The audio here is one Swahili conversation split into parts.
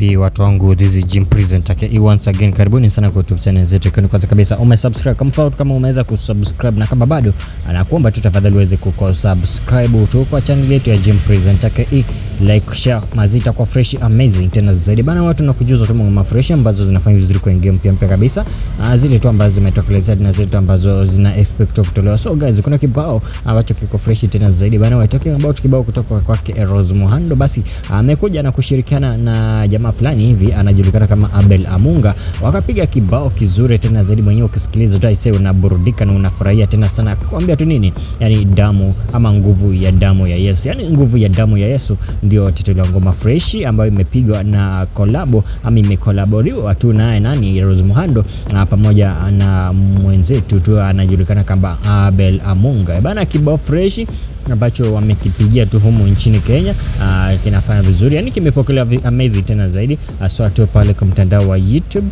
vipi watu wangu, this is Jim Presenter once again, karibuni sana kwa YouTube channel zetu. Ikiwa kwanza kabisa umesubscribe, kama kama umeweza kusubscribe, na kama bado, anakuomba tu tafadhali uweze kusubscribe tu kwa channel yetu ya Jim Presenter, like, share, mazita kwa fresh amazing tena zaidi bana. Watu na kujuza tu mambo fresh ambazo zinafanya vizuri kwa game pia mpya kabisa, ah, zile tu ambazo zimetokelezea na zile tu ambazo zina expect kutolewa. So guys, kuna kibao ambacho kiko fresh tena zaidi bana, we're talking about kibao kutoka kwake Rose Muhando, basi amekuja na kushirikiana na jamaa jamaa fulani hivi anajulikana kama Abel Amunga, wakapiga kibao kizuri tena zaidi. Mwenyewe ukisikiliza tu unaburudika na unafurahia tena sana, kuambia tu nini, yani damu ama nguvu ya damu ya Yesu, yani nguvu ya damu ya Yesu ndio titolo ya ngoma fresh ambayo imepigwa na kolabo ama imekolaboriwa tu naye nani Rose Muhando na pamoja na mwenzetu tu anajulikana kama Abel Amunga bana, kibao fresh ambacho wamekipigia tu humu nchini Kenya ah, kinafanya vizuri, yani kimepokelewa amazing tena zaidi, ah, aswatio pale kwa mtandao wa YouTube.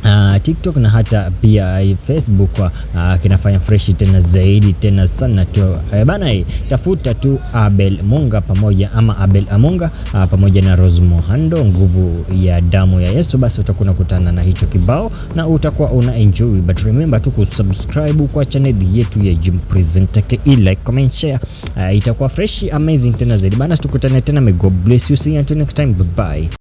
Uh, TikTok na hata pia eh, Facebook uh, kinafanya fresh tena zaidi tena sana tu uh, bana eh, tafuta tu Abel Munga pamoja ama Abel Amunga uh, ah, pamoja na Rose Muhando nguvu ya damu ya Yesu, basi utakuwa unakutana na hicho kibao na utakuwa una enjoy, but remember tu kusubscribe kwa channel yetu ya Jim Presenter ke like, comment, share uh, itakuwa fresh amazing tena zaidi bana, tukutane tena, may God bless you, see you until next time, bye bye.